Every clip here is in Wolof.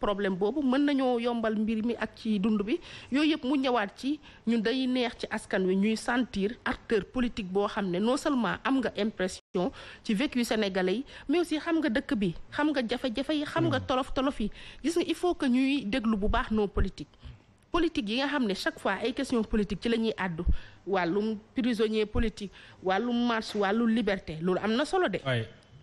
problème boobu mën nañoo yombal mbir mi ak ci dund bi yooyu yëpp mu ñëwaat ci ñun day neex ci askan wi ñuy sentir acteur politique boo xam ne non seulement am nga impression ci vécu sénégalais yi mais aussi xam nga dëkk bi xam nga jafe-jafe yi xam nga hmm. tolof tolof yi gis nga il faut que ñuy déglu bu baax nos politiques politique yi nga xam ne chaque fois ay question politique ci la ñuy àddu wàllum prisonnier politique wàllum marche wàllu liberté loolu am na solo de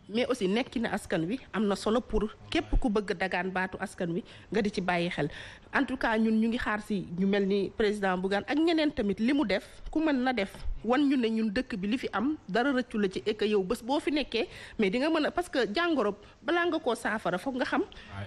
mais aussi nekki na askan wi am na solo pour képp ku bëgg dagaan baatu askan wi nga di ci bàyyi xel en tout cas ñun ñu ngi xaar si ñu mel ni président Bougane ak ñeneen tamit li mu def ku mën na def wan ñu ne ñun dëkk bi li fi am dara rëccu la ci et yow bés boo fi nekkee mais di nga mën a parce que jàngoro balaa nga koo saafara nga xam.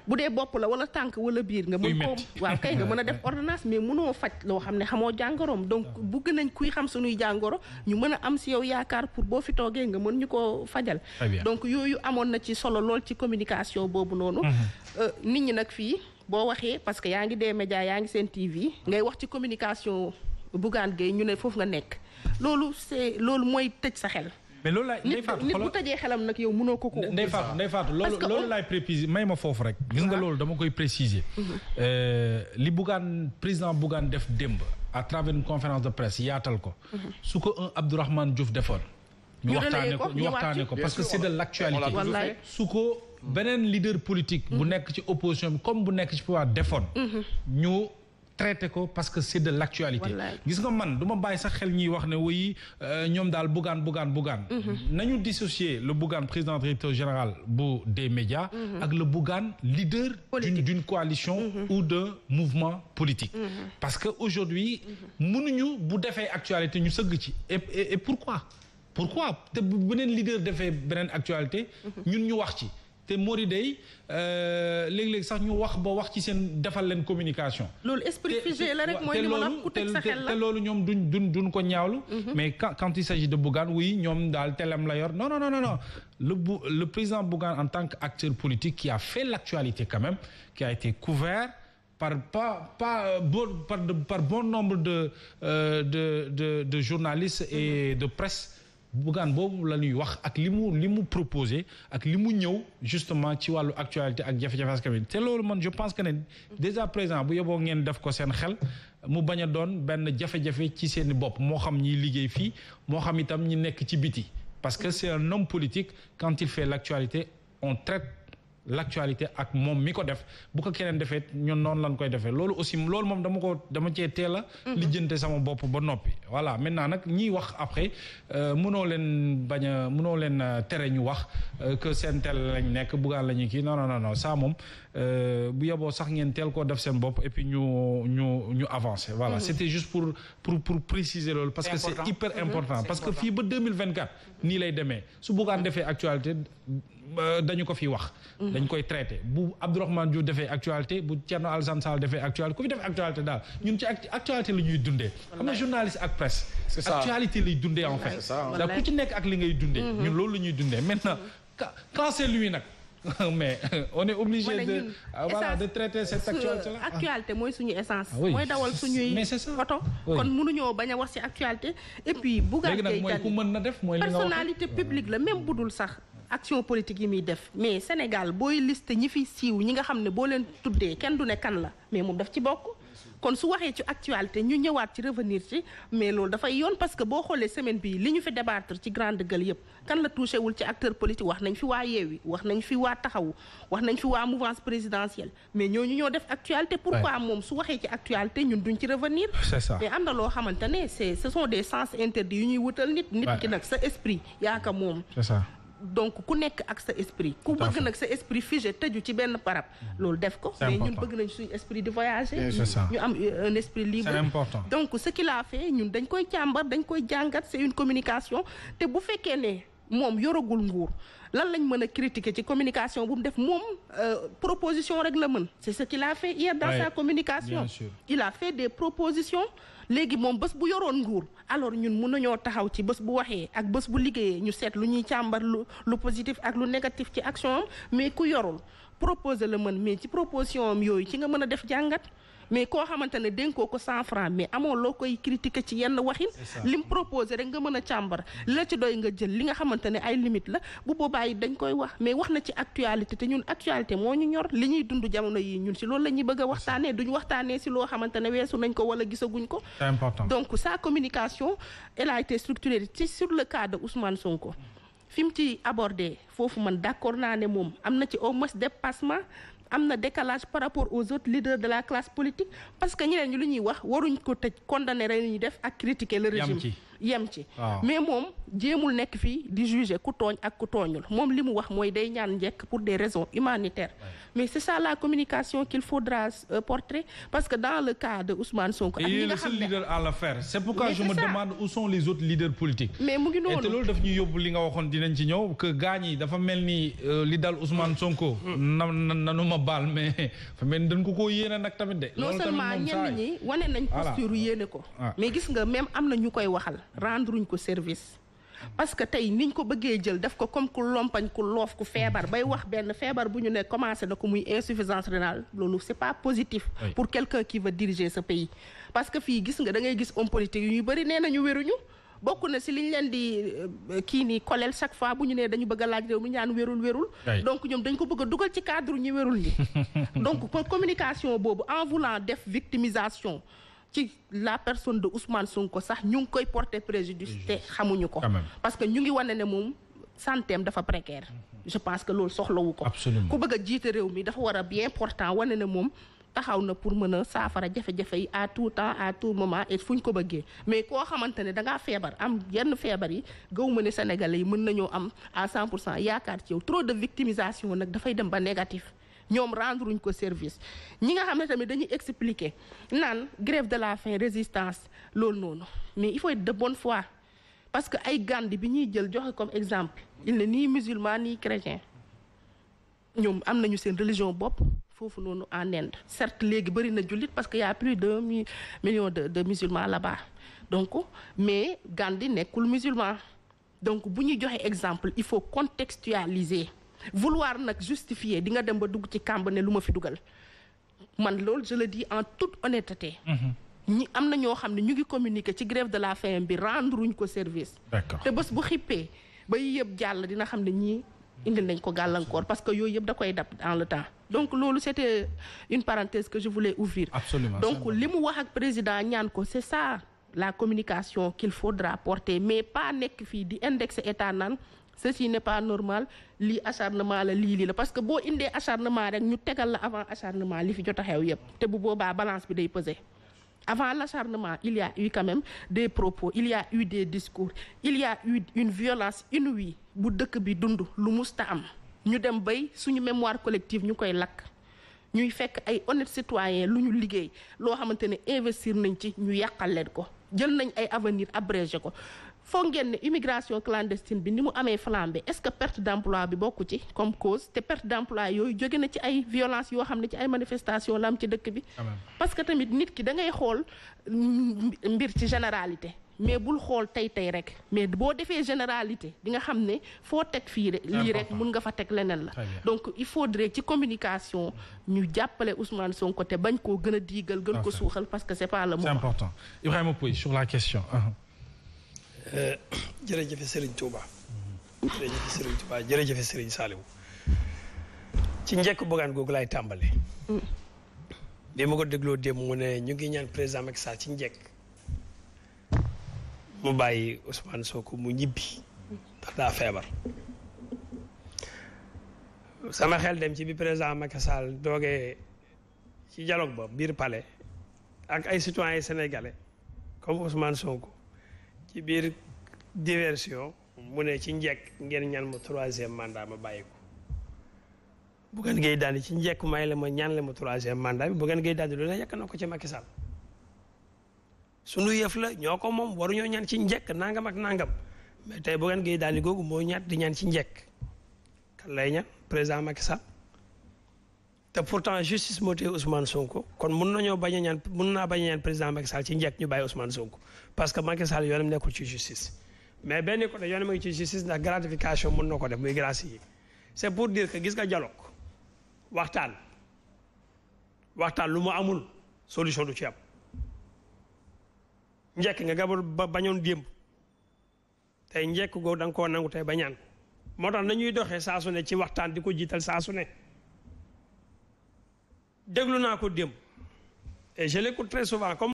bu dee bopp la wala tànk wala biir nga. mën koo waaw kay nga mën a def ordonnance mais mënoo faj loo xam ne xamoo jàngoroom donc bugg nañ kuy xam suñuy jàngoro ñu mën a am si yow yaakaar pour boo fi toogee nga mën ñu koo fajal. donc yooyu amoon na ci solo lool ci communication boobu noonu. Mm-hmm. Euh, nit ñi nag fii. boo waxee parce que yaa ngi dee média yaa ngi seen TV ngay wax ci communication Bougane Gueye ñu ne foofu nga nekk loolu c'est loolu mooy tëj sa xel. mais loolu laay Ndeye Fatou xelam nag yow mënoo ko ko. Ndeye Fatou Ndeye Fatou loolu loolu laay préciser ma foofu rek. gis nga ah. loolu dama koy préciser. Mhm. Euh, li Bougane président Bougane def démb à travers une conférence de presse yaatal ko. Mhm. su ko un Abdourahmane Diouf defoon. ñu waxtaanee ko ñu waxtaanee ko parce que c'est de l'actualité. su ko. beneen leader politique. bu nekk ci opposition comme bu nekk ci pouvoir defoon. ñu traité ko parce que c'est de l'actualité. gis nga man du ma bàyyi sax xel ñuy wax ne woyi euh, ñoom daal bugaan bugaan bugaan. Mhm. nañu dissocier le bugaan président directeur général bu des médias. Mhm. ak le bugaan leader. politique d'une coalition. Mhm. ou d'un mouvement politique. parce que aujourd'hui mënuñu bu defee actualité ñu sëgg ci et et pourquoi. pourquoi te beneen leader defee beneen actualité. ñun ñu wax ci. te Moriday euh, léeg-léeg sax ñu wax ba wax ci seen defal leen communication. loolu esprit figé la rek mooy li ma la ku teg sa la te loolu ñoom duñ duñ duñ ko ñaawlu. Mhm. mais quand quand il s'agit de Bougane oui ñoom daal telem la yor non non non non le bu le président Bougane en tant qu'acteur politique qui a fait l'actualité quand même qui a été couvert. par pas pas euh, bon par, par nombre de euh, de de de journalistes et mhm. de presse Bougane boobu la ñuy wax ak li mu li mu proposé ak li mu ñëw justement ci wàllu actualité ak jafe-jafe askan wi te loolu man je pense que ne déjà présent bu yeboo ngeen def ko seen xel mu bañ a doon benn jafe-jafe ci seen i bopp moo xam ñi liggéey fii moo xam itam ñi nekk ci biti parce que c'est un homme politique quand il fait l'actualité on traite l'actualité ak moom mi ko def bu ko keneen defee ñun noonu lañ koy defee loolu aussi loolu moom dama ko dama cee teel a mhm. lijjante sama bopp ba noppi voilà maintenant nag ñiy wax après euh, mënoo leen bañ a mënoo leen euh, tere ñu wax euh, que seen teel lañ nekk buggaan la ñu kii non non non ça moom bu yeboo sax ngeen teel koo def seen bopp et puis ñu ñu ñu avancer voilà mhm. c'était juste pour pour pour préciser loolu parce que c'est hyper mhm. important parce que fii ba 2024 nii lay demee su buggaan defee dañu ko fi wax. Mm-hmm. dañ koy traité bu Abdourahmane Diouf defee actualité bu Thierno Alassane Sall defee actualité ku fi def actualité daal ñun ci actualité la ñuy dundee. xam na journaliste ak presse. c'est ça actualité lay dundee en fait. ndax ku ci nekk ak li ngay dundee. Mm-hmm. ñun loolu la ñuy dundee maintenant quand c'est lui nag. mais on est obligé de ah, voilà cette euh, ah. actualité mooy suñu essence ah mooy dawal suñuy oto kon mënuñoo bañ a wax ci actualité et puis Bougane Gueye Dany léegi nag mooy ku mën na def sax action politique yi muy def mais Sénégal booy liste ñi fi siiw ñi nga xam ne boo leen tuddee kenn du ne kan la mais moom daf ci bokk. kon su waxee ci actualité ñu ñëwaat ci revenir ci mais loolu dafay yoon parce que boo xoolee semaine bii li ñu fi débattre ci grande gueule yëpp kan la touché wul ci acteur wax nañ fi waa Yewwi wax nañ fi waa taxawu wax nañ fi waa mouvance présidentielle mais ñooñu ñoo def actualité pourquoi moom su waxee ci actualité ñun duñ ci revenir c'est ça mais am na loo xamante ne c'est ce sont des sens interdits yu ñuy wutal nit nit ki nag sa esprit yaaka moom c'est donc ku nekk ak sa esprit ku bëgg nag sa esprit figé tëju ci benn parab mm-hmm. loolu def ko mais ñun bëgg nañ suñu esprit di voyager ñu am euh, un esprit libre important donc ce qu'il ñun dañ koy càmbar dañ koy jàngat c'est une communication te bu fekkee ne moom yoragul nguur lan lañ mën a critiquer ci communication bu mu def moom euh, proposition rek la mën c'est ce qu'il a fait hier dans ouais, sa communication il a fait des propositions léegi moom bés bu yoroon nguur alors ñun mun nañoo taxaw ci bés bu waxee ak bés bu liggéeyee ñu seet lu ñuy càmbar lu lu positif ak lu négatif ci action am mais ku yorul proposer la mën mais ci proposion yooyu ci nga mën a def jàngat mais koo xamante ne dénkoo ko cent francs mais amoo loo koy critiquer ci yenn waxin lim proposé rek nga mën a càmbar la ci doy nga jël li nga xamante ne ay limite la bu boobaa yi dañ koy wax mais wax na ci actualité te ñun actualité moo ñu ñor li ñuy dund jamono yi ñun si loolu la ñuy bëgg a waxtaanee duñ waxtaanee si loo xamante ne weesu nañ ko wala gisaguñ ko donc sa communication elle a ci sur le cas de Ousmane Sonko fi mu ci abordé foofu man d'accord naa ne moom am na ci au moins dépassement am na décalage par rapport aux autres leaders de la classe politique parce que ñeneen ñi lu ñuy wax waruñ ko tëj condamner rek ñu def ak critiquer le régime yem ci ah. mais moom jéemul nekk fii di juger ku tooñ ak ku tooñul moom li mu wax mooy day ñaan njekk pour des raisons humanitaires mais c'est ça la communication qu'il faudra euh, porter parce que dans le cas de Ousmane Sonko ak ñi nga xam ne à le faire c'est pourquoi je me demande où sont les autres leaders politiques mais mu ngi noonu te loolu daf ñu yóbbu li nga waxoon dinañ ci ñëw que dafa mel ni euh, li dal Ousmane Sonko na nanu ma baal mais fa mel ni dañ ko koo yéene nag tamit de non seulement ñi wane nañ posture yéene ko ah. mais gis nga même am na ñu koy waxal rendruñ ko service parce que tey niñ ko bëggee jël def ko comme ku lompañ ku loof ku feebar bay wax benn feebar bu ñu nee commencé na ko muy insuffisance rénale loolu c'est pas positif pour quelqu'un qui veut diriger sa pays parce que fii gis nga da ngay gis homme politique yu ñu bëri nee nañu wéruñu bokk na si liñ leen di euh, kii nii koleel chaque fois bu ñu nee dañu bëgg a laaj réew mi ñaan wérul wérul donc ñoom dañ ko bëgg dugal ci cadre ñu wérul ni donc communication boobu en voulant def victimisation ci la personne de Ousmane ko sax ñu ngi koy porter préjudice te xamuñu ko parce que ñu ngi wane ne moom santeem dafa précaire mm-hmm. je pense que loolu soxlawu ko ku bëgg a jiite réew mi dafa war a bien portant wane ne moom taxaw na pour mën a saafara jafe-jafe yi à tout temps à tout moment et fu ñu ko bëggee mais koo xamante ne dangaa feebar am yenn feebar yi gaw ma ne sénégalais yi mën nañoo am à cent pour cent yaakaar ci yow trop de victimisation nag dafay dem ba négatif ñoom rendruñ ko service ñi nga xam ne tamit dañuy expliquer naan grève de la fin résistance loolu noonu mais il faut être de bonne foi parce que ay gandi bi ñuy jël joxe comme exemple il n'est ni musulman nii chrétien ñoom am nañu seen religion bopp foofu noonu en Inde certes léegi bëri na jullit parce que y a plus de millions de de musulmans là-bas donc mais gandi nekkul musulman donc bu ñuy joxe exemple il faut contextualiser vouloir nag justifier di nga dem ba dugg ci kàmb ne lu ma fi dugal man loolu je di en toute honnêteté. Mhm. ñi am na ñoo xam ne ñu ngi communiqué ci grève de la faim bi rendre wuñ ko service. d'accord te bés bu xippee ba yëpp jàll dina xam ne ñii. indi nañ ko gàllankoor parce que yooyu yëpp da koy dab dans le temps donc loolu c'était une parenthèse que je voulais ouvrir. Absolument. donc li mu wax ak président ñaan ko c'est ça la communication qu'il faudra porter mais pas nekk fii di indexer état naan ceci n'est pas normal lii acharnement la lii lii la parce que boo indee acharnement rek ñu tegal la avant acharnement li fi jot a xew yëpp te bu boobaa balance bi day peser avant l'acharnement il y a eu des propos il y a eu des discours il y a une violence inouïe bu dëkk bi dund lu musta am ñu dem bay suñu mémoire collective ñu koy lakk ñuy fekk ay honnête citoyen lu ñu liggéey loo xamante ne investir nañ ci ñu yàqal leen ko jël nañ ay avenir abrégé ko foog ngeen ne immigration clandestine bi ni mu amee flambé est-ce que perte d'emploi bi bokku ci comme cause te perte d'emploi yooyu jóge na ci ay violence yoo xam ne ci ay manifestation la am ci dëkk bi parce que tamit nit ki da ngay xool mbir ci généralité mais bul xool tey tey rek mais boo defee généralité di nga xam ne foo teg fii lii rek mun nga fa teg leneen la donc il faudrait ci communication ñu jàppale Ousmane Sonko te bañ koo gën a diigal gën ko suuxal parce que c'est pas le question jërëjëf Serigne Touba. jërëjëf Serigne Touba jërëjëf Serigne Saliou. ci njekk bogaan googu lay tàmbali bi ma ko dégloo démb mu ne ñu ngi ñaan président Macky Sall ci njëkk. mu bàyyi Ousmane Sonko mu ñibbi. ndax daa feebar. sama xel dem ci bi président Macky Sall doogee ci dialogue ba biir palais ak ay citoyens sénégalais comme Ousmane Sonko. ci biir diversion mu ne ci njekk ngeen ñaan ma troisième mandat ma bàyyi ko Bougane Gueye ci njekk may la ma ñan la ma troisième mandat bi Bougane Gueye Dany lu ne yàq na ko ci Macky Sall sunu yëf la ñoo ko moom waruñoo ñan ci njekk nangam ak nangam mais tey Bougane Gueye Dany googu moo ñaat di ñaan ci njekk kan lay ñaan président Macky te pourtant justice moo téye Ousmane Sonko kon mun nañoo bañ a ñaan mun naa bañ a ñaan président Macky Sall ci njëkk ñu bàyyi Ousmane Sonko parce que Macky Sall yoonam nekkul ci justice mais benn côté yoonam ngi ci justice ndax gratification mun na ko def muy grâce yi c'est pour dire que gis nga dialogue waxtaan waxtaan lu mu amul solution du ci am njëkk nga gabal ba bañoon démb tey njekk googu da koo nangu tey ba ñaan moo tax nañuy doxee saa su ne ci waxtaan di ko jiital saa su ne déglu naa ko démb et je très souvent comme